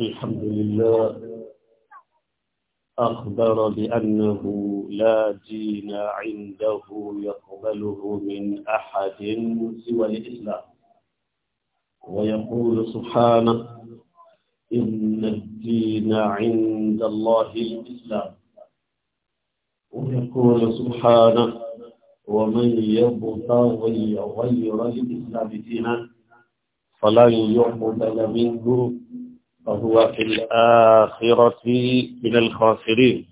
الحمد لله أخبر بأنه لا دين عنده يقبله من أحد سوى الإسلام ويقول سبحانه إن الدين عند الله الإسلام ويقول سبحانه ومن يبتغي غير الإسلام دينا فلن يقبل منه وهو في الآخرة من الخاسرين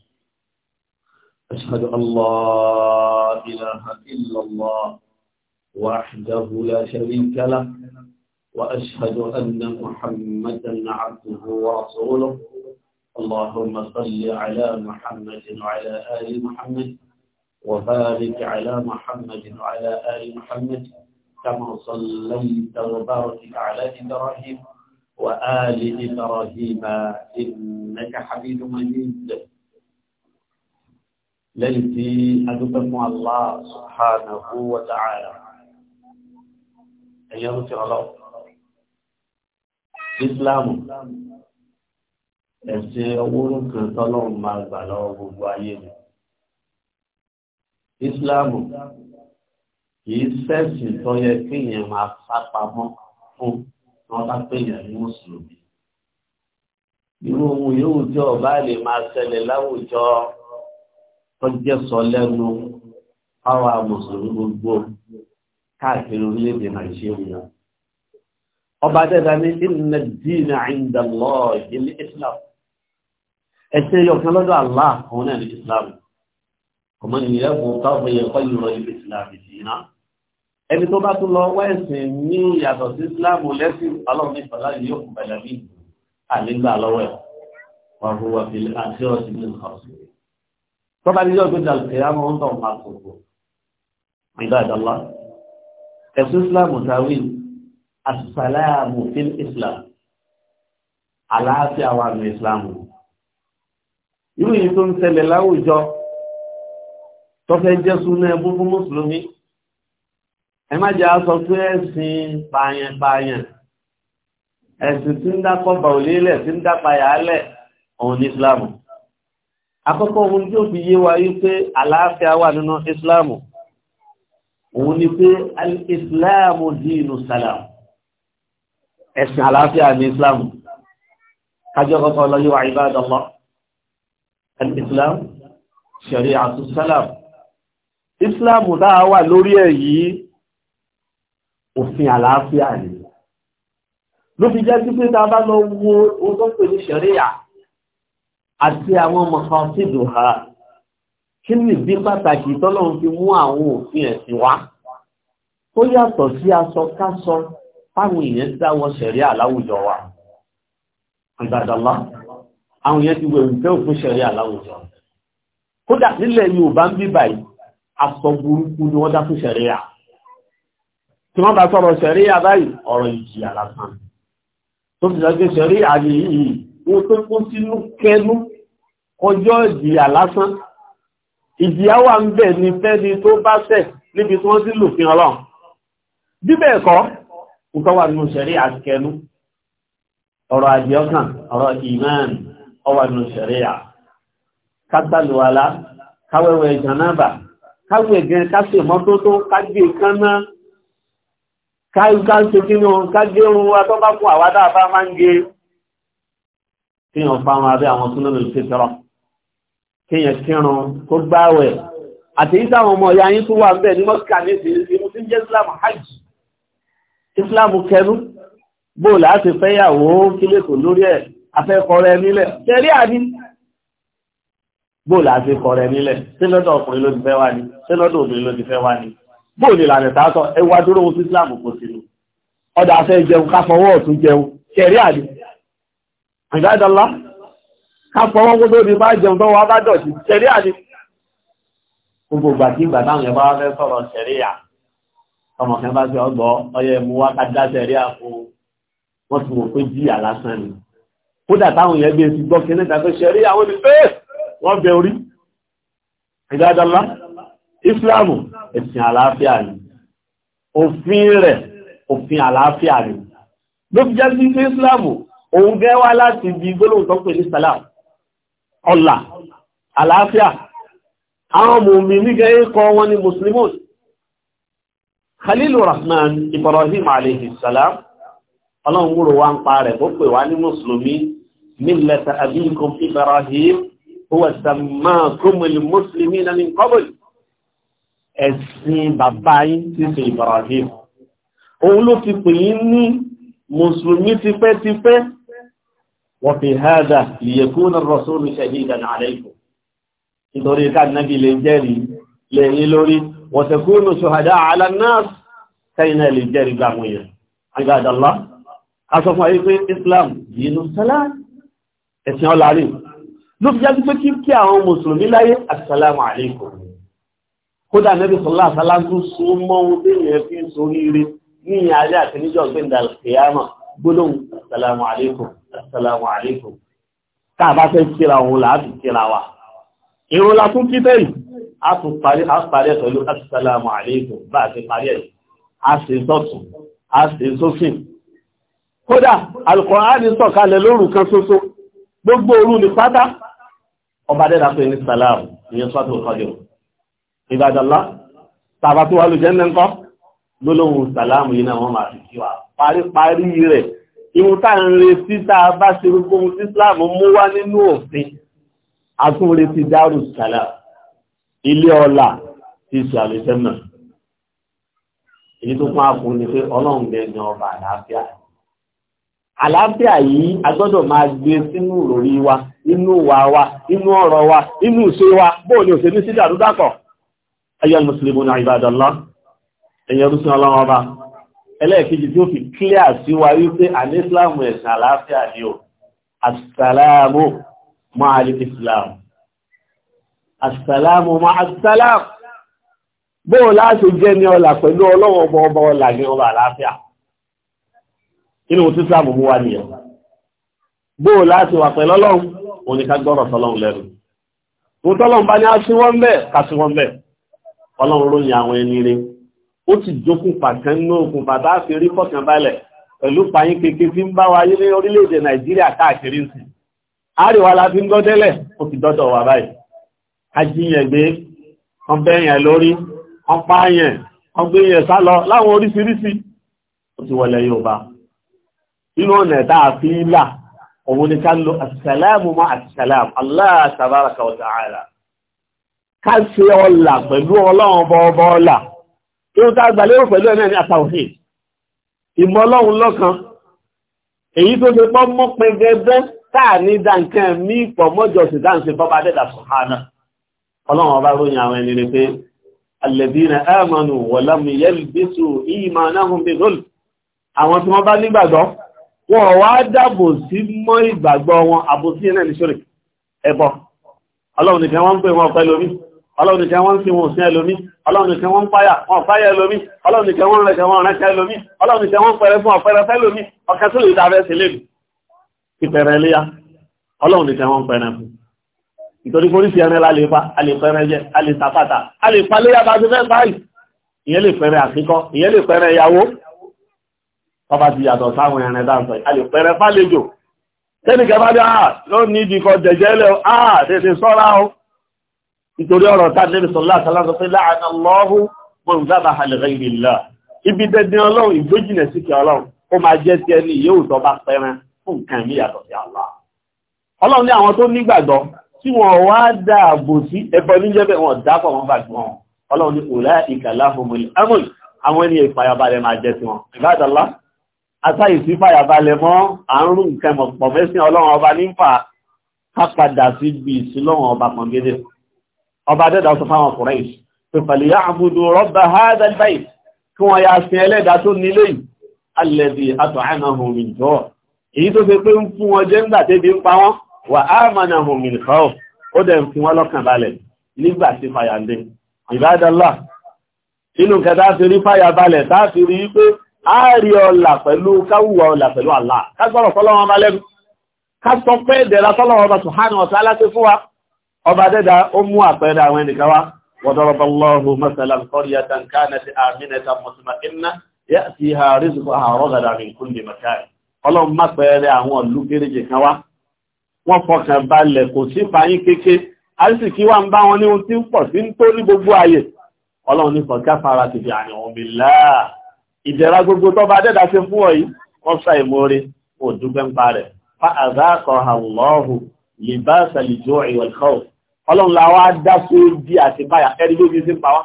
أشهد أن لا إله إلا الله وحده لا شريك له وأشهد أن محمدا عبده ورسوله اللهم صل على محمد وعلى آل محمد وبارك على محمد وعلى آل محمد كما صليت وبارك على إبراهيم وآل إبراهيم إنك حميد مجيد لنتي أدبكم الله سبحانه وتعالى أن يغفر الله إسلام ẹ̀sìn owóró kan tọ́lọ́run máa gbà lọ́wọ́ gbogbo ayé ni ìsìláàmù kìí ṣẹ̀sìn tó yẹ kéèyàn máa sápamọ́ fún wọ́n bá pèèyàn ní mùsùlùmí. irú ohun yòówù tí ọba lè máa ṣẹlẹ̀ láwùjọ tó jẹ́ sọ lẹ́nu àwọn mùsùlùmí gbogbo káàkiri orílẹ̀-èdè nàìjíríà. ọba dẹ́dà ní inna ad-dina 'inda Allah al-Islam ẹ̀sìn yọ̀kan lọ́dọ̀ Allah náà ní islam ọmọ nìyẹn kò táwọn yẹ kọ́ yìí islam ìsìn ẹni tó bá tún lọ wá ẹ̀sìn ní ìyàtọ̀ sí islamu lẹ́sìn ọlọ́run ìfọ̀lá yìí yóò kún bẹ̀rẹ̀ bí àlégbà lọ́wọ́ ẹ̀ wọ́n fún wa fi àti ọ̀sìn ní nǹkan ọ̀sìn. tọ́ba ní yóò gbéjà lè yá mọ́ ń tọ̀ máa kókó ìgbà ìdọ́lá ẹ̀sìn islamu tawil asàlámù fil islam àlàáfíà wà ní islamu. irú yìí tó ń ṣẹlẹ̀ láwùjọ tó fẹ́ jẹ́ súnú ẹbú fún mùsùlùmí ẹ má jẹ́ aṣọ pé ẹ̀sìn pààyàn-pààyàn ẹ̀sìn tí ń dákọ́bà òlélẹ̀ tí ń dápayàálẹ̀ òun ní islamu akọ́kọ́ ohun tí ó fi yé wa yí pé àlàáfíà wà nínú islamu òun ni pé al-islamu dínú salam ẹ̀sìn àlàáfíà ní islamu kájọ́ kọ́kọ́ lọ yíwa ibadallah al-islam shari'atu salam islamu dáa wà lórí èyí òfin àlàáfíà ni ló fi jẹ́ títí tá a bá lọ wo ohun tó pè ní ṣẹ̀ríyà àti àwọn mọ̀kan sí ìdùnhà kí ni ìdí pàtàkì tọ́lọ́run fi mú àwọn òfin ẹ̀sìn wá tó yàtọ̀ sí aṣọ káṣọ táwọn èèyàn ti dáwọ́ ṣẹ̀ríyà láwùjọ wa àgbàdàlá àwọn èèyàn ti wẹ̀rù fẹ́ òfin ṣẹ̀ríyà láwùjọ kódà nílẹ̀ Yorùbá ń bí báyìí aṣọ burúkú ni wọ́n dá fún ṣẹ̀ríyà tí wọ́n bá sọ̀rọ̀ ṣẹ̀rí àbáyìí ọ̀rọ̀ ìjìyà lásán tó fi sọ́gbé ṣẹ̀rí àyè yìí wọ́n tó kó sínú kẹnu ọjọ́ ìjìyà lásán ìjìyà ń bẹ̀ ní fẹ́ni tó bá ṣẹ̀ níbi tí wọ́n sí lòfin ọlọ́run káwẹ́wẹ́ ìjànáàbà káwẹ́ gẹn kásè mọ́tótó kágbé kánná ká ń ṣe kínú ká gẹ́rùn wa tó bá kún àwádá bá máa ń gẹ kíyàn fáwọn abẹ́ àwọn tó lónìí ṣe tọrọ kíyàn kírun kó gbáwẹ̀ àti ìsá àwọn ọmọ ìyá yín tó wà bẹ́ẹ̀ ní mọ́síkà ní ìsinmi tí ń jẹ́ islam hajj islam kẹnu bó láti fẹ́yàwó kílé kò lórí ẹ̀ afẹ́kọrẹ nílẹ̀ tẹ̀rí àní bó láti kọrẹ nílẹ̀ sí lọ́dọ̀ ọkùnrin ló ti fẹ́ wá ní sí lọ́dọ̀ obìnrin ló ti fẹ́ wá ní bóò ní ìlànà tààtọ̀ ẹwà dúró ohun tí Islam kò sínú ọdá afẹ́ jẹun káfọwọ́ ọ̀tún jẹun kẹrí àdé àgbádọ́lá káfọwọ́ kó tó di bá jẹun tó wá bá dọ̀tí kẹrí àdé gbogbo ìgbà tí ìgbà táwọn ẹ̀bá fẹ́ sọ̀rọ̀ kẹrí à ọmọ kan bá fi ọgbọ́ ọyẹ mú wá ká dá kẹrí à fún wọ́n ti wò pé jìyà lásán ni kódà táwọn yẹn bí esi gbọ́ kí ní ìdájọ́ kẹrí àwọn ìfẹ́ wọ́n bẹ orí àgbádọ́lá ìsìláàmù ẹ̀sìn àlàáfíà ni òfin rẹ̀ òfin àlàáfíà ni ló fi jẹ́ sí ìsìláàmù òun gẹ́ wá láti di gbólóhùn tó pè ní sàlám ọ̀là àlàáfíà àwọn mùmí nígẹ́ ikọ̀ wọn ni muslimun khalilu rahman ibrahim alayhi salam ọlọ́run wúrò wá ń pa rẹ̀ bó pè wá ní mùsùlùmí millata abikum ibrahim huwa sammakumul muslimina min qabl ẹ̀sìn bàbá yín tí ṣe Ibrahim òun ló fi pè yín ní mùsùlùmí tipẹ́tipẹ́ wọ́n fi hádà liyakuna ar-rasulu shahidan alaykum nítorí ká nábi lè jẹ́rìí lẹ́yìn lórí wa takunu shuhada'a 'ala an-nas kẹ́yìn náà lè jẹ́rìí gbàmù ló fi jáde pé kí àwọn mùsùlùmí láyé assalamu alaykum kódà nẹ́bí sọlá àsálá tó súnmọ́ ohun tí èèyàn fi ń sórí ire ní ìyìn alẹ́ àti níjọ́ gbẹ̀ndà kìyàmà gbólóhùn assalamu alaikum assalamu alaikum tá a bá fẹ́ kíra òun là á fi kíra wa ìrún la tún kí tẹ́yì a tún parí a parí ẹ̀ pẹ̀lú assalamu alaikum bá a ti parí ẹ̀ a sì sọ̀tún a sì sófin kódà alukọ̀rání sọ̀kalẹ̀ lóru kan ṣoṣo gbogbo òru ní pátá ọba dẹ́dà pé ní sàlámù ìyẹn sọ́tò kọjọ́ ìbádọ́lá tàbá tó wà lójẹ́ ńlẹ́ ńkọ́ gbólóhùn sàlámù yìí náà wọ́n máa fi kí wa paríparí rẹ̀ ìwọ̀n tá ń retí tá a bá ṣe gbogbo ohun tí Islam mú wá nínú òfin àtúnretí dárù sàlá ilé ọlá ti ṣe àlùsẹ́mà èyí tó fún àfún ni pé ọlọ́run gẹ̀ẹ́gẹ̀ ọba àlàáfíà àlàáfíà yìí a gbọ́dọ̀ máa gbé sínú ìròrí wa inú wa wa inú ọ̀rọ̀ wa inú ìṣe wa bóò òṣèlú sí dàrúdàpọ̀ ayé alìmùsùlùmù ní àìbádọ́lá ẹ̀yẹ rúsùn ọlọ́run ọba ẹlẹ́ẹ̀kejì tí ó fi clear sí wa wípé àní islam ẹ̀sìn àlàáfíà ni o asàlámù máa lè islam asàlámù máa asàlám bóò láti jẹ́ ní ọlà pẹ̀lú ọlọ́wọ́ ọba ọba ọlà ní ọba àlàáfíà inú tí islam mú wa nìyẹn bóò láti ọlọ́run ló yan àwọn ẹni rẹ̀ ó ti jókun pàtẹ́ nínú òkun bàbá àfẹ́rí fọ̀kàn balẹ̀ pẹ̀lú payín kékeré tí ń bá wa yé ní orílẹ̀-èdè nàìjíríà káàkiri ń sìn àríwá la fi ń gbọ́ délẹ̀ ó ti dọ́dọ̀ wà báyìí ajíyàn gbé wọ́n bẹ́yàn lórí wọ́n pààyàn wọ́n gbéyàn sá lọ láwọn oríṣiríṣi ó ti wọlé yorùbá inú ọ̀nà ẹ̀dá àfi ń òun ni ká lo àṣàlámù mọ́ àṣàlámù Allah tabaraka wa ta'ala ká ṣe ọlà pẹ̀lú ọlọ́run ọba ọba ọlà tí ó tá gbàlérò pẹ̀lú ẹ̀mẹ́ ní àtàwọ̀fì ìmọ̀ ọlọ́run lọ́kan èyí tó ṣe pọ́ mọ́ pẹ́ gẹ́gẹ́ táà ní dáǹkẹ́ mí pọ̀ mọ́jọsìn dáǹsì bọ́bá dẹ́dà sọ̀hánà ọlọ́run ọba ròyìn àwọn ẹni rẹ̀ pé alladhina amanu wa lam yalbisu imanahum bighulm àwọn tí wọ́n bá nígbàgbọ́ wọn wá dáàbò sí mọ́ ìgbàgbọ́ wọn àbòsí náà ní ṣòrè ẹ̀bọ̀ ọlọ́run nìkan wọ́n ń pè wọn pẹ̀lú omi ọlọ́run nìkan wọ́n sí wọn òsìn ẹlòmí ọlọ́run nìkan wọ́n páyà wọn páyà ẹlòmí ọlọ́run nìkan wọ́n rẹ̀kẹ̀ wọn rẹ̀kẹ̀ ẹlòmí ọlọ́run nìkan wọ́n pẹ̀rẹ̀ fún ọ̀pẹ̀rẹ̀ fẹ́lòmí ọkẹ́ tó lè dáfẹ́ sí lè ìpẹ̀rẹ̀ léyà ọlọ́run nìkan wọ́n pẹ̀rẹ̀ fún ìtorí polisi ẹran la lè pa a lè pẹ̀rẹ̀ a lè tàpàtà a lè pa léyà bá ti fẹ́ báyìí ìyẹn lè pẹ̀rẹ̀ àfikọ́ ìyẹn lè pẹ̀rẹ̀ ìyàwó ọba ti yàtọ̀ sáwọn ẹran dáńsọ a lè pẹ̀rẹ̀ fálejò tẹ́nìkẹ́ bá dé àà ah, ló ní ìdíkọ̀ jẹ̀jẹ́ lẹ́ ah, àà nítorí ọ̀rọ̀ tá nẹ́bí sọ̀lá àtàlásọ pé láàánà lọ́hù mọ̀nzábà àlẹ́gbẹ̀lá ibi dẹ́dẹ́ ọlọ́run ìgbójìnà sí kí ọlọ́run ó máa jẹ́ ti ẹni yóò tọ́ bá pẹ́ran fún nǹkan ní yàtọ̀ sí Allah ọlọ́run ní àwọn tó nígbàgbọ́ tí wọ́n wá dá àbò sí ẹbọ níjẹ́ bẹ́ẹ̀ wọ́n dápọ̀ wọn gbàgbọ́ wọn ọlọ́run ní òlá ìkàlá fòmùlì ẹmọ àwọn ẹni ìfàyàbalẹ̀ máa jẹ́ sí wọn ìbádọ́lá asáyì sí fàyàbalẹ̀ mọ́ àrùn nǹkan mọ̀pọ̀ mẹ́sìn ọlọ́run ọba nífà ká padà sí ibi ìsìn lọ́wọ́n ọba pọ̀ngẹ́dẹ́ ọba dẹ́dà sọ fáwọn Quraysh tó pẹ̀lú yá àbúdó rọ́bà hadha al-bayt kí wọ́n ya sin ẹlẹ́dà tó nílé alladhi at'amahum min ju' èyí tó fi pé ń fún wọn jẹ́ ńgbà ká sọ pé ìdẹ̀ra fọ́lọ́wọ́n bá subhanahu wa ta'ala fún wa ọba dẹ́dà ó mú àpẹẹrẹ àwọn ẹnìkan wá wọ́dọ́rọ̀bọ́lọ́hù mọ́sàlá kọ́ríyàtà kánà ti àmìnẹta mọ̀sùmá iná yá sí ha rízùkú àrọ́gàdà rìn kún lè mọ̀káì ọlọ́run má pẹ̀ẹ́rẹ àwọn ìlú kéréje kan wá wọ́n fọkàn balẹ̀ kò sí fàyín kéké àrísìkí wà ń gbogbo ayé dẹ́dà ṣe fún ọ yìí wọ́n òdúgbẹ́ ń parẹ̀ fa àzákọ̀ àwòlọ́hù libasa al-ju'i wal ọlọ́run la wá dá sóòjì àti báyà ẹni ló fi sí pa wá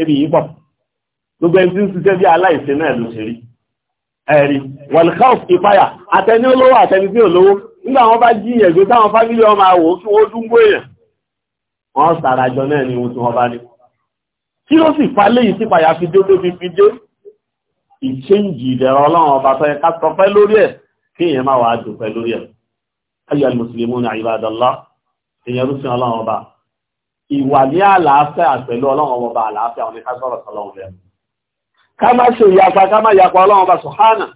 ebi yìí pọ̀ gbogbo ẹni tí ń ṣiṣẹ́ bí aláìsí náà ló ṣe rí ẹ̀rí wọ̀lùkọ́ọ̀fù ìpáyà àtẹni olówó àtẹni tí olówó nígbà wọn bá jí ẹ̀gbẹ́ táwọn fámílì ọmọ àwò kí wọ́n dúngbó èèyàn wọ́n sàràjọ náà ni ohun tí wọ́n bá ní kí ló sì fa léyìí sí pàyà fi dé tó fi dé ìchéǹjì ìdẹ̀rọ ọlọ́run ọba tó ká sọ pẹ́ lórí ẹ̀ kí èèyàn má wàá dùn pẹ́ lórí ẹ̀ ayọ̀ al-muslimuna ibadallah èèyàn ló sin ọlọ́run ọba ìwà ní àlàáfíà pẹ̀lú ọlọ́run ọba àlàáfíà wọn ni ká sọ̀rọ̀ sọlọ́run lẹ́nu ká má ṣe ìyapa ká má yapa ọlọ́run ọba sùhánà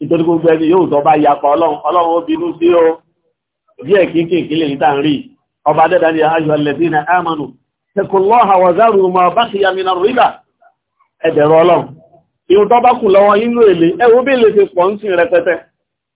nítorí gbogbo ẹni yóò tọ́ bá yapa ọlọ́run ọlọ́run ó bínú sí o díẹ̀ kíkì ìkílẹ̀ yìí tá ń rí ọba dẹ́dà ni ayọ̀ lẹ́bí na ámànù tẹkùnlọ́hà wàzárù mọ̀ bá ti yàmì náà rírà ẹ̀dẹ̀rọ ọlọ́run ìhùn tọ́ bá kù lọ́wọ́ inú èlé ẹ̀wọ́ bí lè ṣe pọ̀ ń sìn rẹpẹtẹ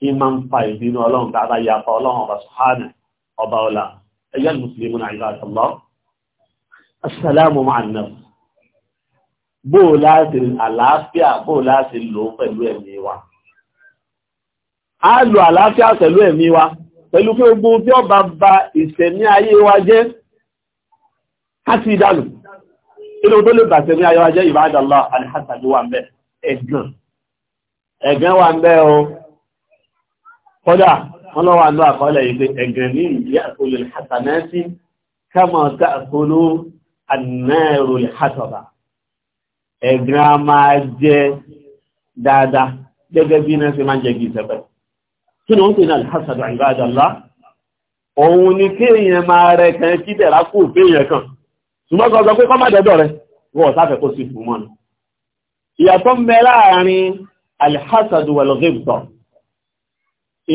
kí máa ń fa ìbínú ọlọ́run tàbá yàfà ọlọ́run ọba sọ̀hánà ọba ọlá ẹ̀yà mùsùlùmí náà ìlú àtàlọ́ assalamu ma'annam bó láti àlàáfíà bó láti lò pẹ̀lú ẹ̀mí wa a lò àlàáfíà pẹ̀lú ẹ̀mí wa pẹ̀lú pé ogun tí ó bá ba ìṣẹ̀mí ayé wa jẹ́ káti ìdánù inú tó lè bà ìṣẹ̀mí ayé wa jẹ́ ìbádàlá alhassan wà ń bẹ ẹ̀gàn ẹ̀gàn wà o kódà wọ́n lọ́wọ́ àlọ́ àkọọ́lẹ̀ yìí pé ẹgbẹ̀mí ìyá olè hasanẹ́sí kama ta'kulu an-naru al-hasaba ẹ̀gbẹ̀rẹ̀ a máa jẹ dáadáa gẹ́gẹ́ bí iná ṣe máa jẹ gíì sẹ́pẹ̀ kí ni wọ́n pè ní al-hasadu ibadallah òun wal-ghibta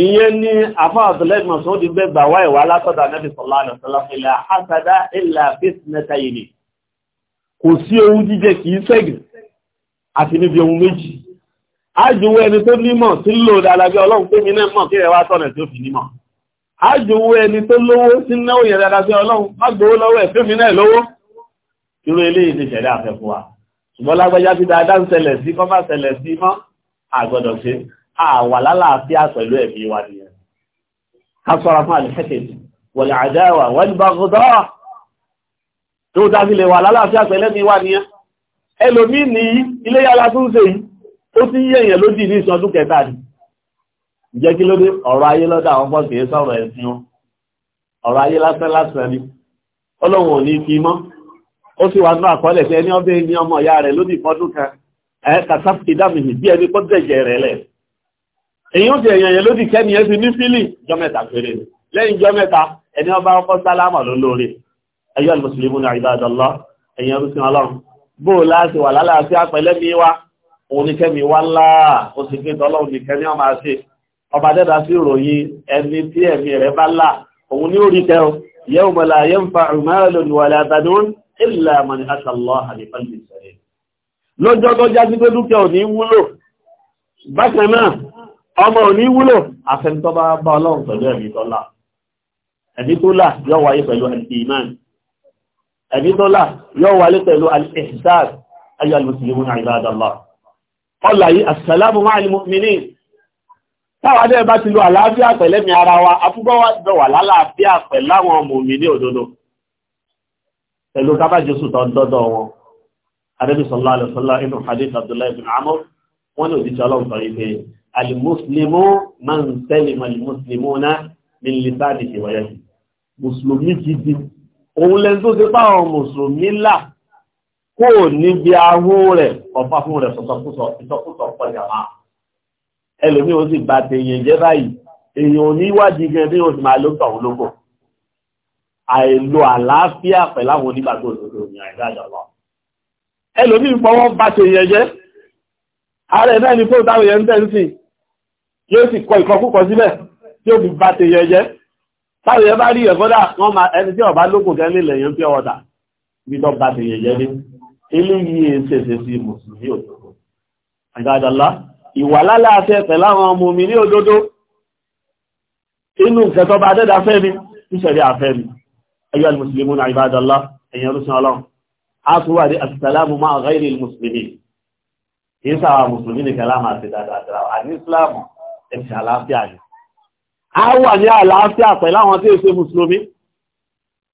ìyẹn ni afáàtọ̀lẹ́gbọ̀n tó di gbẹ́gbà wá ìwà látọ̀dà nẹ́bí sọ̀lá àlọ́sọ́lá ilẹ̀ àhásádá ilẹ̀ àfẹ́sìnẹ́ta yìí kò sí ohun jíjẹ kìí sẹ́gìn àti níbi ohun méjì ájúwọ́ ẹni tó nímọ̀ tí ń lò dáadáa ọlọ́run pé mi náà mọ̀ kí rẹ̀ wá tọ̀nà tí ó fi nímọ̀ ájúwọ́ ẹni tó lówó tí náwó yẹn dáadáa sí ọlọ́run má gbowó lọ́wọ́ ẹ̀ fún mi náà lówó irú eléyìí ti ṣẹ̀dá àfẹ́ wa ṣùgbọ́n lágbájá ti dáadáa ń ṣẹlẹ̀ sí kọ́ ṣẹlẹ̀ sí mọ́ àgbọ́dọ̀ ṣe àwà lálàáfíà pẹ̀lú ẹ̀mí wa nìyẹn ká sọ́ra fún àlẹ́kẹ̀ẹ́sì wọ̀lẹ̀ àjáwà wọ́n bá gọ́dọ́ tó dájú lè wà lálàáfíà pẹ̀lú ẹ̀mí wa nìyẹn ẹlòmí ní ilé yàrá tó ń ṣe yìí ó ti yẹ̀yẹ̀ lójì ní ìṣọdún kẹta ni jẹ́ kí ló dé ọ̀rọ̀ ayé lọ́dọ̀ àwọn pọ̀ kìí sọ̀rọ̀ ẹ̀sìn wọn ọ̀rọ̀ ayé lásán lásán ni ọlọ́run ò ní fi mọ́ ó sì wà ní àkọọ́lẹ̀ fẹ́ ní ọbẹ̀ ní ọmọ ìyá rẹ̀ lódì fọdún kan ẹ̀ẹ́kà sáfìdámìhì bí ẹni pọ́ dẹ̀jẹ̀ rẹ̀ lẹ̀ èyàn ti èyàn yẹn lódì kẹ́ni ẹ́ ti ní fílì jọmẹ́ta péré ni lẹ́yìn jọmẹ́ta ẹni ọba ọkọ̀ sálámà ló lóore ẹ̀yọ́ mùsùlùmí ní àìbádọ́lá ẹ̀yàn rúsí ọlọ́run bó láti wà lálàáfíà pẹ̀lẹ́ mi wá òun ní kẹ́mi wá ńlá ó sì gbé tọ́lọ́run ní kẹ́ni ọmọ àṣẹ ọba dẹ́dà sí ìròyìn ẹni tí ẹ̀mí rẹ̀ bá là òun ní orí kẹ́ يوم لا ينفع مال ولا بنون إلا من الله بقلب سليم lọ́jọ́ tó jáde pé dúkìá ọmọ òní wúlò àfẹ́ntọ́ bá bá ọlọ́run pẹ̀lú ẹ̀mí tọ́lá ẹ̀mí tọ́lá yóò wáyé pẹ̀lú al-iman ẹ̀mí tọ́lá yóò wáyé pẹ̀lú al-ihsan ayé al-muslimun ibadallah ọlá yìí assalamu ma'al mu'minin táwa dẹ́ bá ti lo àlàáfíà pẹ̀lẹ́mì ara wa afúgbọ́ wa jọ wà lálàáfíà pẹ̀láwọn mùmínì òdodo pẹ̀lú kábàjọsù tó dọ́dọ̀ wọ́n ní òdíṣẹ́ ọlọ́run sọ pé alimuslimu máa ń tẹ́lẹ̀ alimuslimu náà ní lítàdì ìwọ̀yẹ́sì mùsùlùmí gidi òun lẹ́n tó ti páwọn mùsùlùmí là kó níbi ahó rẹ̀ ọ̀fà fún rẹ̀ sọ̀sọ̀kúsọ̀ ìsọkúsọ̀ pọ̀jàmá ẹlòmí ó sì bá tèèyàn jẹ́ báyìí èèyàn oníwádìí gan bí wọ́n ti máa ló tọ̀hún lóko àìlò àlàáfíà pẹ̀láwọn onígbàgbọ́ òdodo ìyàn ìdájọ́ ẹlòmí pọ́wọ́ bá tèèyàn jẹ́ ààrẹ náà ni fóòtáwò yẹn ń tẹ́ sí yóò sì kọ ìkọkúkọ síbẹ̀ tí ó fi bá ti yẹ jẹ́ táwọn yẹn bá rí yẹn kọ́dà wọ́n máa ẹni tí ọba lókùn kẹ́ nílẹ̀ yẹn pé ọ̀dà bí tó bá ti yẹ jẹ́ ní eléyìí ṣèṣe sí mùsùlùmí òdodo àgbàdàlá ìwà lálàáfẹ́ pẹ̀lú àwọn ọmọ mi ní òdodo inú nǹkan tó bá dẹ́dà fẹ́ mi tíṣẹ̀rí àfẹ́ mi ayọ́ alìmùsùlùmí náà ìbádọ́lá ẹ̀yìn ọlọ́sìn ọlọ́run a tún wà ní asìsàlámù máa gáìrì mùsùlùmí kìí sáwà mùsùlùmí nìkan láàmà àti dáadáa àní ìsìlámù ẹ̀sìn àlàáfíà ni a wà ní àlàáfíà pẹ̀lú àwọn tí èso mùsùlùmí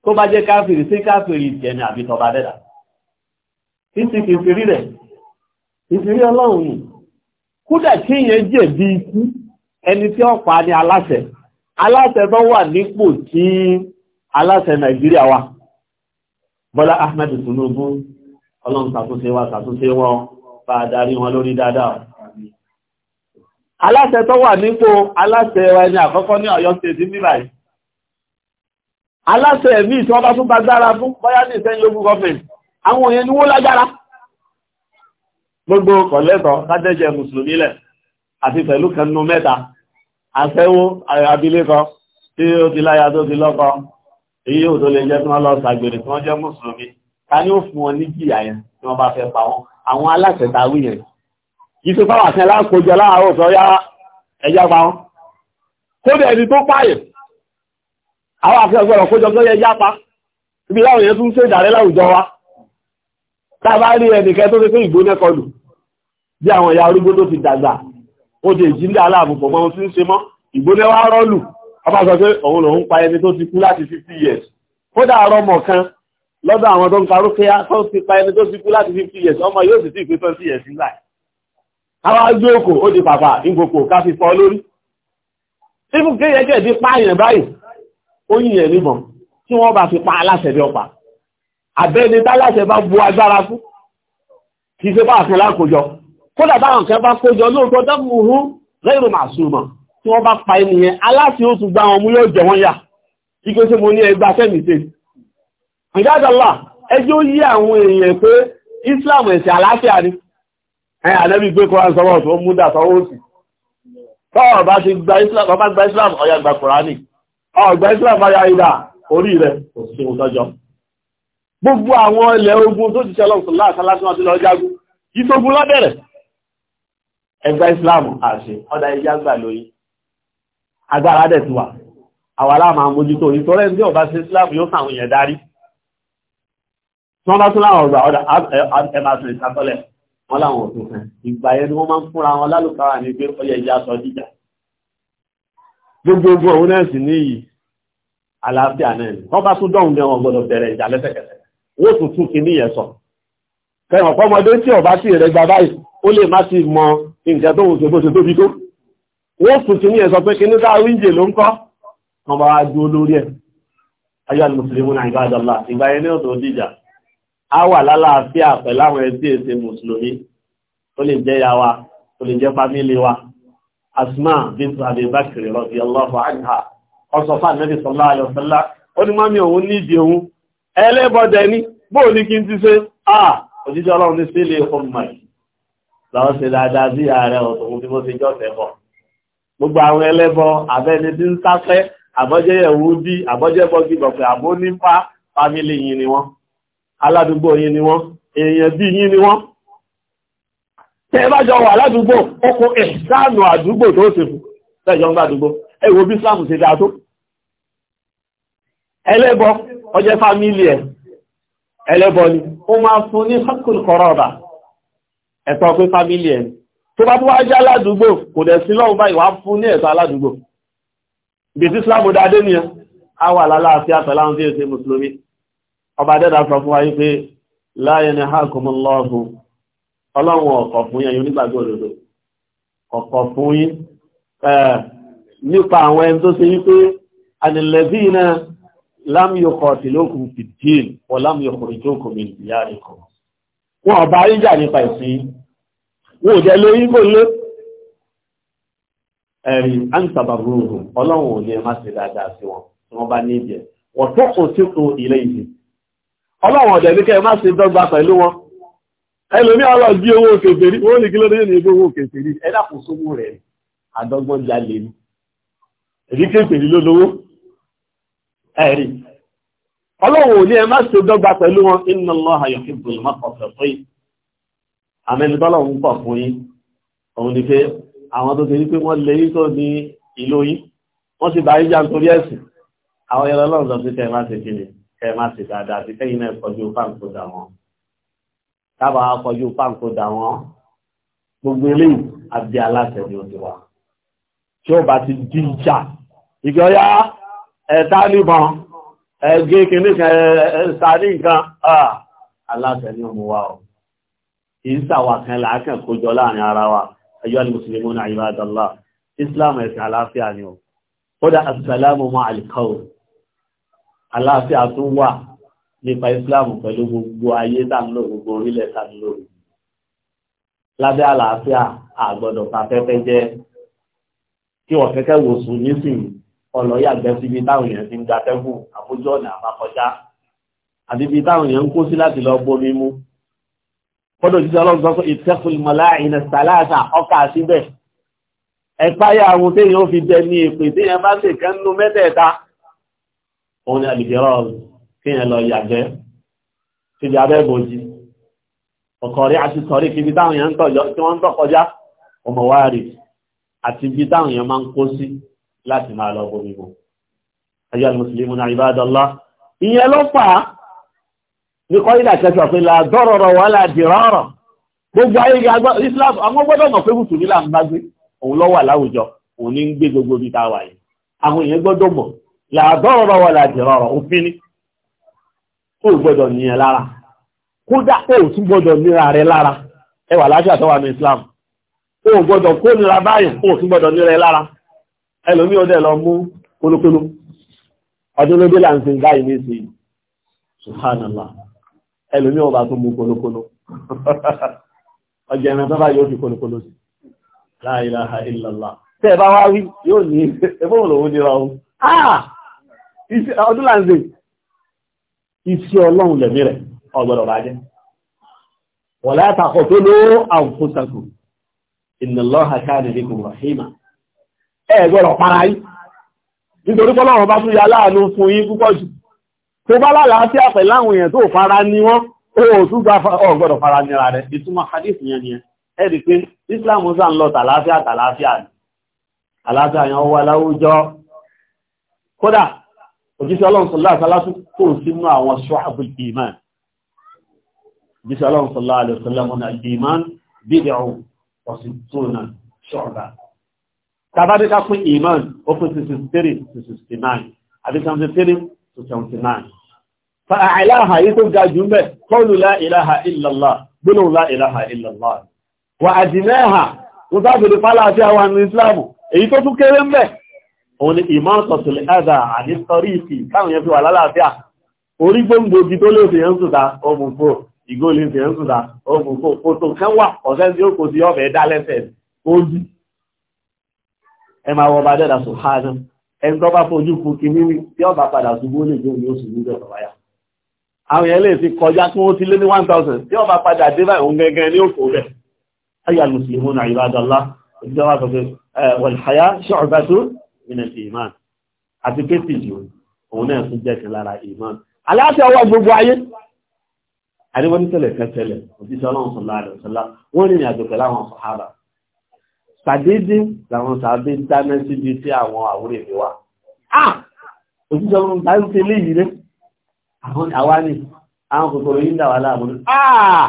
tó bá jẹ́ káfìrí sí káfìrí ìjẹni àbí tọba dẹ́dà títí kìfìrí rẹ̀ ìfìrí ọlọ́run yìí kódà kí èèyàn jẹ̀bi ikú ẹni tí ó pa ni aláṣẹ aláṣẹ tó wà nípò tí aláṣẹ nàìjíríà wa bọ́lá ahmed tinubu ọlọ́run ṣàtúnṣe wa ṣàtúnṣe wọn bá darí wọn lórí dáadáa aláṣẹ tó wà nípò aláṣẹ ẹni àkọ́kọ́ ní Ọ̀yọ́ state níbà yìí aláṣẹ ẹ̀mí tí wọ́n bá tún gbágbára fún bóyá ní ìsẹ́yìn lógún gọ́fẹ̀ẹ́ àwọn òyìn ni wọ́n lágbára gbogbo kọ̀lẹ́tọ̀ kájẹ́jẹ́ mùsùlùmí lẹ̀ àti pẹ̀lú kanú mẹ́ta aṣẹ́wó abilékọ tí ó ti láya tó ti lọ́kọ èyí ò tó lè jẹ́ tí wọ́n lọ ṣàgbèrè tí wọ́n jẹ́ mùsùlùmí ta ni ó fún wọn ní jìyà yẹn tí wọ́n bá fẹ́ pa wọn àwọn aláṣẹ ta wí yẹn kìí ṣe fáwà sí alákòjọ láàárọ̀ fẹ́ ọyá ẹja pa wọn kódà ẹni tó pààyè àwọn àfihàn gbọ́dọ̀ kójọ tó yẹ yápa ibi láwọn yẹn tún ṣe ìdàrẹ́ láwùjọ wa tá a bá rí ẹnìkẹ́ tó ti pé ìgbóná kọlù bí àwọn ìyá arúgbó tó ti dàgbà ó di ìjìnlẹ̀ aláàbò pọ̀ mọ́ tí ń ṣe mọ́ ìgbóná wá rọ́lù ọba sọ pé òun lòun pa ẹni tó ti kú láti 50 years kódà rọmọ kan lọ́dọ̀ àwọn tó ń karókẹ́yà tó ti pa ẹni tó ti kú láti 50 years ọmọ yóò sì ti pé 20 years nígbà yìí àwọn ajóòkò ó di pàpà ìgbòkò káfí fọ́ lórí ibù kéyẹ̀kẹ́ di páyẹ̀ báyìí ó yìnyẹ̀ níbọn tí wọ́n bá fi pa aláṣẹ bí ọpa àbẹ́ni táláṣẹ bá bu agbára fún kì í ṣe bá àfin lákòjọ kódà báwọn kẹ bá kójọ lóòótọ́ dẹ́mùhú lẹ́rù màṣùmọ̀ tí wọ́n bá pa ẹjọ́ yí àwọn èèyàn pé Islam ẹ̀sìn aláṣẹ àrí ẹ àlẹ́bí gbé kọ́ra sọ́wọ́ tó mú dà sọ́wọ́ òsì tọ́ọ̀ bá ti gba Islam ọba gba Islam ọya gba Kùránì ọgbà Islam ọya ìdá orí rẹ̀ kò sí ohun tọ́jọ́ gbogbo àwọn ilẹ̀ ogun tó ti ṣẹlọ́ sọ láàṣà láti wọn ti lọ jagun yìí tó gun lọ́bẹ̀rẹ̀ ẹgbà Islam àṣẹ ọ̀dà ìyá gbà lóyìn agbára dẹ̀ ti wà àwọn aláàmà mójútó ìtọ́rẹ́ ní ọba sí Islam yóò sàwọn èèyàn darí tí wọ́n bá tún láwọn ọgbà ọ̀dà ẹ̀mà sí ìsàtọ́lẹ̀ wọ́n láwọn òfin kan ìgbà yẹn ni wọ́n máa ń fúnra wọn lálùkára ní pé ọyẹ ìyá sọ jíjà gbogbogbò òun náà sì ní yìí àlàáfíà náà ni wọ́n bá tún dọ̀hún ní wọn gbọdọ̀ bẹ̀rẹ̀ ìjà lẹ́sẹ̀kẹsẹ̀ wọ́n tún tún kí níyẹn sọ fẹ́ràn pọ́mọdé tí ọba sì rẹ gba báyìí ó lè má ti mọ nǹkan tó ń ṣe bó ṣe tóbi tó wọ́n tún kí níyẹn sọ pé kí ní ká wíńjẹ ló ń kọ́ wọn bá wá ẹ̀ ayọ́ àlùmùsùlùmí náà ìbá á wà lálàáfíà pẹ̀lú àwọn ẹbí èsè mùsùlùmí tó lè jẹ́ ya wa tó lè jẹ́ fámílì wa asma bíntu abi bakr radiyallahu anha ọsọ fún ànábì sallallahu alaihi wasallam ó ní mami òun nídìí òun ẹlẹ́bọ̀dẹ̀ ní bóò ní kí n ti ṣe àà òjíjọ́ ọlọ́run ní sí ilé ẹ̀kọ́ mọ̀ lọ́wọ́ aládùúgbò yín ni wọ́n èèyàn bí yín ni wọ́n tẹ́ bá jọ wà aládùúgbò ọkọ̀ ẹ̀sánù àdúgbò tó ṣe fún tẹ́jọ ń gbàdúgbò ẹ wo bí Islam ṣe dáa tó ẹlẹ́bọ ọjẹ́ fámílì ẹ̀ ẹlẹ́bọ ni ó máa fún ní hakul kọrọ̀bà ẹ̀tọ́ pé fámílì ẹ̀ tó bá wá jẹ́ aládùúgbò kò dẹ̀ sí lọ́wọ́ báyìí wá fún ní ẹ̀tọ́ aládùúgbò bí Islam dáadé nìyẹn á wà lálàáfíà pẹ̀láńfíà ṣe mùsùlùmí ọba dẹ́dà sọ fún wáyé pé láyé ní hákùnmọ́lọ́ọ̀fún ọlọ́run ọ̀kọ̀ fún yẹn onígbàgbọ́ òdodo ọ̀kọ̀ fún yín nípa àwọn ẹni tó ṣe yí pé anìlẹ́bí náà lámìyọkọ̀ tìlókùn fìdíìn wọ lámìyọkọ̀ ìjókòó mi ìyá ọlọ́run ò ní ẹ má dáadáa sí wọn wọ́n bá ní ìbẹ̀ wọ́n tó kò ilé ìsìn ọlọ́wọ̀n ọ̀dẹ̀ ní kẹ́ má ṣe dọ́gba pẹ̀lú wọn ẹlòmí ọlọ́ jí owó kèfèrí wọ́n ní kí ló dé ní owó kèfèrí ẹ̀dá kò sówó rẹ̀ àdọ́gbọ́n jalè ní èdè kèfèrí ló lówó ẹ̀rí ọlọ́wọ̀n ò ní ẹ má ṣe dọ́gba pẹ̀lú wọn inna Allaha yuhibbul muqsitin àmẹ́nitọ́lọ̀ ń pọ̀ fún yín òun ni pé kẹ má ṣe dáadáa sí tẹ́yìn náà kọjú fáǹkó dà wọ́n dábàá kọjú fáǹkó dà wọ́n gbogbo eléyìí àbí aláṣẹ ni ó ti wà tí ó bá ti di ìjà ìgbẹ́ ọ̀yá ẹ̀ta níbọn ẹ̀gẹ́ kìíní kan ẹ̀ẹ́sàdí nǹkan aláṣẹ ni ó mú wa ọ̀ kì sàwà kan làákàn kójọ láàrin ara wa ayọ́ ni mùsùlùmí náà ibadallah islam ẹ̀sìn àlàáfíà ni ó kódà assalamu ma'al qawl àlàáfíà tó wà nípa ìsìláàmù pẹ̀lú gbogbo ayé dáńlò gbogbo orílẹ̀ dáńlò lábẹ́ àlàáfíà àgbọ̀dọ̀ pàfẹ́fẹ́ jẹ́ kí wọ́n kẹ́kẹ́ wò sùn nísìnyí ọlọ́yà gbẹ́ síbi táwọn èèyàn ti ń gbatẹ́gùn àbójú ọ̀nà àbákọjá àti ibi táwọn èèyàn ń kó sí láti lọ bomi mú kọ́dọ̀ jíjẹ́ ọlọ́run sọ pé ìtẹ́kùn ìmọ̀lá ìnà sàlàṣà ọkà síbẹ̀ ẹ̀páyà àwọn téèyàn fi jẹ èpè téèyàn bá ṣèkẹ́ nínú mẹ́tẹ̀ẹ̀ta òun ni àlìjẹ́rọ̀ kíyàn lọ yàgbẹ́ síbi abẹ́ ìbòjì ọ̀kọ̀rí àti sọ̀rí kíbi táwọn èèyàn tí wọ́n ń tọ̀ kọjá ọmọ wáàrí àti ibi táwọn èèyàn máa ń kó sí láti máa lọ bomi mu ayé alùmùsùlùmí náà ibadallah ìyẹn ló fà á ní kọ́ ìdà kẹsàn pé la dọ́rọ̀rọ̀ wà ládìrọ̀rọ̀ gbogbo ayé Islam àwọn gbọ́dọ̀ mọ̀ pé mọ̀ làdọ́rọ̀ wà làdìrọ̀rọ̀ òfin ni ó gbọ́dọ̀ níyàn lára kódà ó tún gbọ́dọ̀ níra rẹ lára ẹwà láṣà tó wà ní Islam ó gbọ́dọ̀ kó nira báyìí ó tún gbọ́dọ̀ níra lára ẹlòmí ọdẹ lọ mú kólókóló ọdún ló dé láǹsìn báyìí ní sí subhanallah ẹlòmí ọba tó mú kólókóló ọjà ẹran bá yóò fi kólókóló sí la ilaha tẹ́ẹ̀ bá wá rí yóò ní ẹgbẹ́ lòun nira ohun ah! ọdún láǹzè iṣẹ́ ọlọ́run lẹ̀mí rẹ̀ ọgbọ̀dọ̀ bá jẹ́ wọ̀ látàkọ̀ tó ló àwùfúnsakù ìnàlọ́ha káàdìdìkù rahima ẹgbọ́rọ̀ para yí nítorí pọ́lọ́run bá tún ya láàánú fún yín púpọ̀ jù tó bá lálàáfíà kódà òjíṣẹ́ ọlọ́run sọ̀lá àtàlásù kò sínú àwọn ṣọ́àbù ìmán òjíṣẹ́ ọlọ́run sọ̀lá àlẹ́sọ̀lá mọ́nà ìmán bídẹ̀ ọ̀hún ọ̀sìn tó náà ṣọ́ọ̀dá tàbádíká fún ìmán ó fún 63 to 69 àti 73 to 79 fa àìláha yìí tó ga jù mẹ́ kọlù láìláha ìlàlá gbónú láìláha ìlàlá wà àdìmẹ́ha tó tábìlì pálá èyí tó tún kéré mẹ́ òun ni ìmọ́sọ̀tò ẹ̀dà àdísọ́rí ìfì káwọn yẹn fi wà lálàáfíà orí gbóngbòjì tó lè fèyàn sùdá ọmùfò ìgò lè fèyàn sùdá ọmùfò kòtò kan wà ọ̀sẹ́ tí ó kò sí ọ̀fẹ́ dálẹ́fẹ̀ ojú ẹ máa wọ bá dẹ́dà sùn ha náà ẹni tó bá fojú fún kìíní ní tí ọba padà ṣubú lè jó ní oṣù ní ìjọba wáyà àwọn yẹn lè fi kọjá tí wọ́n ti lé ní one thousand tí ọba padà dé báyìí òun gẹ́gẹ́ ní òkò rẹ̀ ayé alùsùlùmọ́ náà ìbádọ́lá ìjọba sọ pé wal haya shu'batun nínú ìmán àti kéfìjì òun náà tún jẹ́ kan lára ìmán aláṣẹ ọwọ́ gbogbo ayé àríwọ́n tẹ́lẹ̀ kẹtẹ́lẹ̀ òjíṣẹ́ ọlọ́run sọ̀lá rẹ̀ sọ̀lá wọ́n rìnrìn àjò pẹ̀lú àwọn sàhábà sàdédé làwọn sàbé dáná síbi tí ah òjíṣẹ́ ọlọ́run bá ń tẹ́lẹ̀ ni àwọn kòkòrò yìí ń ah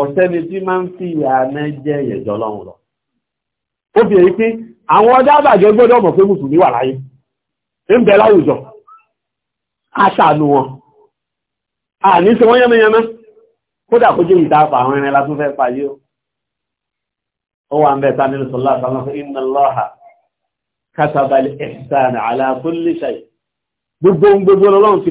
ọ̀sẹ́ni tí máa ń fi ìyá náà jẹ́ àwọn ọdá àbàjẹ́ gbọ́dọ̀ mọ̀ pé mùsùlùmí wà láyé ń bẹ láwùjọ aṣàánú wọn a ní sí wọ́n yẹ́mẹ́yẹ́mẹ́ kódà kó jẹ́ ìdápa àwọn ẹ̀rẹ́ látún fẹ́ fàyé ó wà ń bẹ tánil sọ́lá inna Allaha kataba al-ihsana ala kulli shay gbogbo gbogbo lọ́lọ́run ti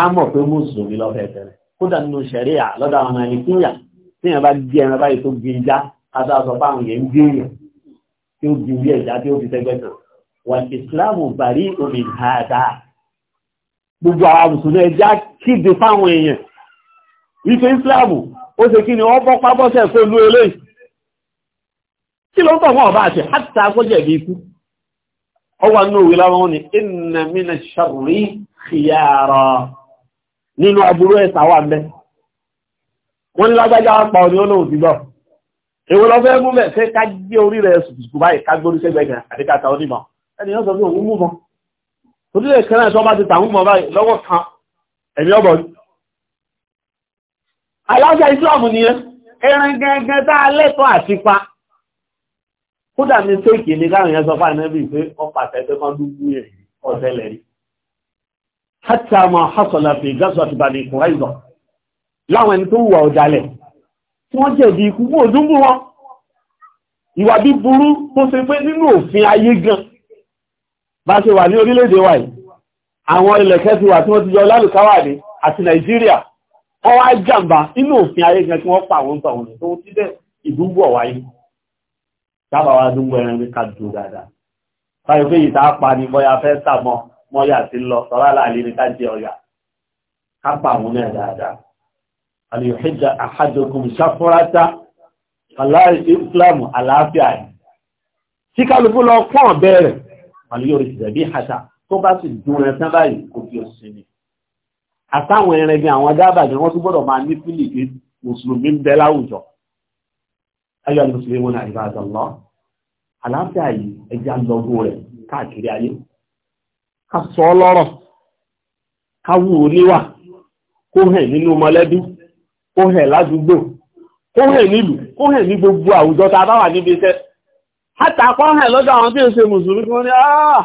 àmọ̀ pé mùsùlùmí lọ́fẹ́ tẹ́lẹ̀ kódà nínú ṣẹ̀ríà lọ́dọ̀ àwọn ẹnìkúnyà tí èèyàn bá gbé ẹran báyìí tó gbé ìjá adáàsọ fáwọn èèyàn gbé èèyàn tí ó gbé ìwé ẹ̀já tí ó fi tẹ́gbẹ́ kan wà ìsìláàmù bàrí omi àdá gbogbo àwọn mùsùlùmí ẹja kéde fáwọn èèyàn wípé ìsìláàmù ó ṣe kí ni wọ́n bọ́ pábọ́sẹ̀ kó lú eléyìí kí ló ń tọ̀ wọ́n ọba àṣẹ hátà akọ́jẹ̀ bí ikú ọwọ́ nínú òwe láwọn ni nínú aburú ẹ̀sà wà mẹ́ wọ́n ní lágbájá wá pa ọ ní ọlọ́run ti gbọ́ èwo lọ fẹ́ mú mẹ́ fẹ́ ká gbé orí rẹ̀ sùkùsùkù báyìí ká gbórí sẹ́gbẹ̀ẹ́ kan àti ká ta ọ nímọ̀ ẹni yóò sọ fún òun mú mọ́ torí lè kẹ́rẹ́ ẹ̀sọ́ bá ti tà ń mọ̀ báyìí lọ́wọ́ kan ẹ̀mí ọ̀bọ̀ ni aláṣẹ Islam nìyẹn ẹran gẹ́gẹ́ tá a lẹ́tọ́ àti pa kódà ní séèkì ní káwọn yẹn sọ fún ànábì pé ọ pàṣẹ pé kán dúdú yẹn ọ̀sẹ̀ lẹ́rìí hátà máa hásọ̀lá fi gásọ̀ àti bàdì ìkùn àìzọ̀ láwọn ẹni tó wà ọ̀dálẹ̀ tí wọ́n jẹ̀bi ikú fún òdúnbù wọn ìwà bí burú tó ṣe pé nínú òfin gan bá ṣe wà ní orílẹ̀-èdè wa yìí àwọn ilẹ̀ kẹfì wà tí wọ́n ti yọ lálùkáwàdé àti Nàìjíríà wọ́n wá jàmbá inú òfin ayé gan tí wọ́n pa àwọn tọ̀hún tó ti dẹ̀ ìdúgbò wáyé sábà wá dúngbò ẹran ní kájú dáadáa báyìí pé ìta pa ni bọ́yá fẹ́ tà mọ́ mọ́yà ti lọ sọ́rọ́ aláàlè ní ká jẹ ọ̀yà ká pa àwọn náà dáadáa àlùyọ̀hẹ́jà àhájọkùn ṣàfúrátá aláì ìsìlámù àlàáfíà yìí tí kálukú lọ pọ́n bẹ̀rẹ̀ àlùyọ̀rì ìdẹ̀bí àṣà tó bá sì dùn ẹ̀ tán báyìí kò fi òsìn ni àtàwọn ẹrẹgbẹ́ àwọn dábàá jẹ́ wọ́n tún gbọ́dọ̀ máa ní fílì pé mùsùlùmí ń bẹ láwùjọ lọ àlàáfíà yìí ẹja lọ́gbọ́n rẹ̀ káàkiri ayé ká sọ ọlọ́rọ̀ ká wù ú níwà kó hẹ̀ nínú mọ̀lẹ́bí kó hẹ̀ ládùúgbò kó hẹ̀ nílùú kó hẹ̀ ní gbogbo àwùjọ tá a bá wà níbi iṣẹ́ àtàkọ́ hẹ̀ lọ́dọ̀ àwọn tí ó ṣe mùsùlùmí kí ní àà ah!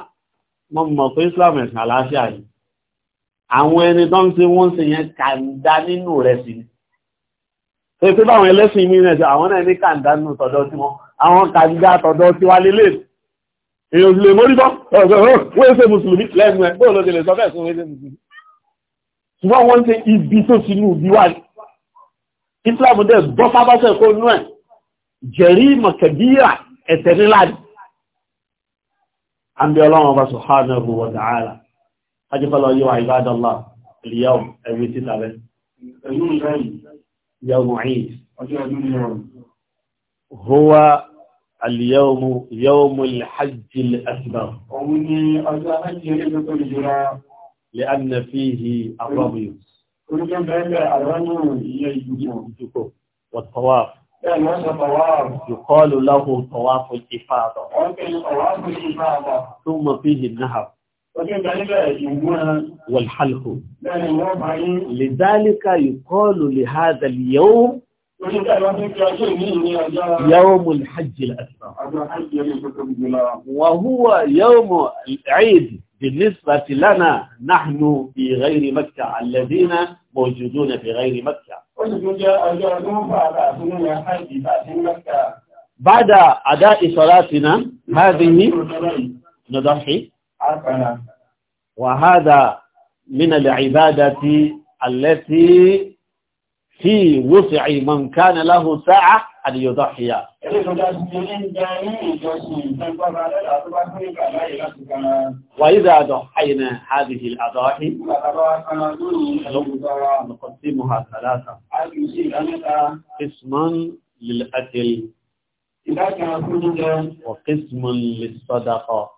mọ̀ pé Islam ẹ̀sìn àlàáfíà yìí àwọn ẹni tó ń ṣe wọ́n ṣe yẹn kàńdá nínú rẹ̀ sí ni pé pé báwọn ẹlẹ́sìn mi rẹ̀ àwọn náà ní kàńdá nínú tọ̀dọ̀ tí wọ́n àwọn kàńdá tọ̀dọ̀ tí wá lélẹ́sìn èèyàn lè mórí bọ́ wọ́n ṣe mùsùlùmí lẹ́nu ẹ̀ bóòlò ti lè sọ bẹ́ẹ̀ fún wọ́n ṣùgbọ́n wọ́n ṣe ibi tó ti nù bí wáyé islam dẹ̀ bọ́ fábáṣẹ́ kó nú ẹ̀ jẹ̀rí mọ̀kẹ̀bíyà ẹ̀tẹ̀ níláàdì àmì ọlọ́run ọba subhanahu wa ta'ala ajífọ́lọ́ yíwa ìbádọ́lá ìyàwó ẹ̀wí títà rẹ̀ yàwó ìyàwó Àlìyàwó yàwó l'ájì l'ájìbá. Òun ni ọjọ́ ájì ẹgbẹ́ tó lè jùlọ. Lè á fi hì àwọ́bù yìí. Orúkẹ́ bẹ̀rẹ̀ àwọ́nù ìyẹ́ ìjúkò. Wọ̀tọ̀wà. Bẹ́ẹ̀ ni wọ́n sọ tọ̀wà. Yùkọ́lù láhù tọ̀wà fún ìfàdọ̀. Wọ́n kẹ́lù tọ̀wà fún ìfàdọ̀. Tó mọ̀ fi hì náà. والحلق لذلك يقال لهذا اليوم يوم الحج الأكبر وهو يوم العيد بالنسبة لنا نحن في غير مكة الذين موجودون في غير مكة بعد أداء صلاتنا هذه نضحي وهذا من العبادة التي في وسع من كان له ساعة أن يضحي وإذا ضحينا هذه الأضاحي نقسمها ثلاثة قسما للأكل وقسم للصدقة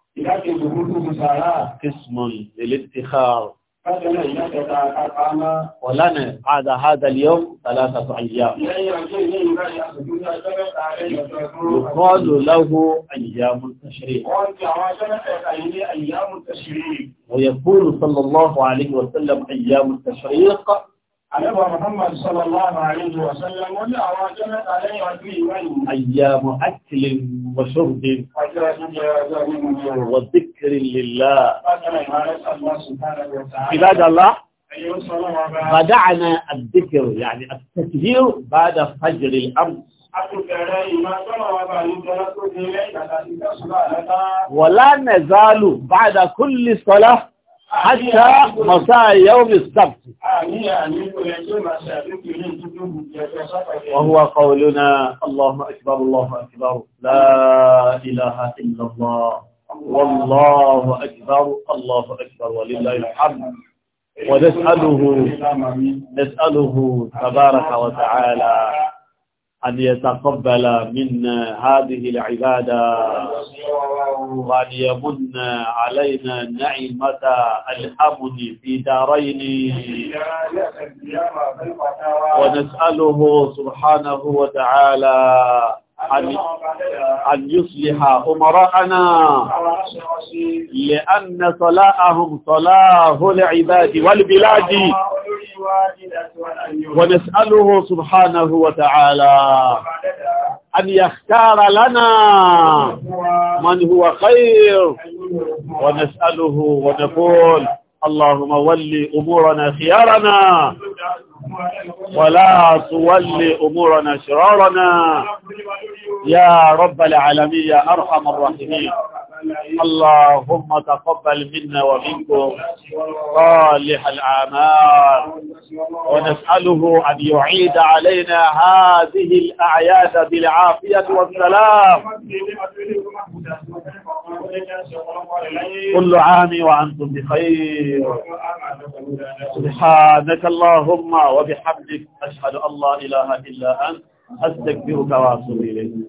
قسم للادخار ولنا بعد هذا اليوم ثلاثة أيام يقال له أيام التشريق ويقول صلى الله عليه وسلم أيام التشريق على محمد صلى الله عليه وسلم أيام أكل وشرب وذكر لله عباد الله بدعنا الذكر يعني التكبير بعد فجر الأمس ولا نزال بعد كل صلاة حتى مساء يوم السبت وهو قولنا اللهم أكبر الله أكبر لا إله إلا الله والله أكبر الله أكبر ولله الحمد ونسأله نسأله تبارك وتعالى أن يتقبل منا هذه العبادة وأن يمن علينا نعمة الأمن في دارين ونسأله سبحانه وتعالى أن يصلح أمراءنا لأن صلاحهم صلاح العباد والبلاد ونسأله سبحانه وتعالى أن يختار لنا من هو خير ونسأله ونقول اللهم ولي أمورنا خيارنا ولا تول أمورنا شرارنا يا رب العالمين يا أرحم الراحمين اللهم تقبل منا ومنكم صالح الأعمال ونسأله أن يعيد علينا هذه الأعياد بالعافية والسلام كل عام وأنتم بخير سبحانك اللهم وبحمدك أشهد أن لا إله إلا أنت أستكبرك وأصل إليك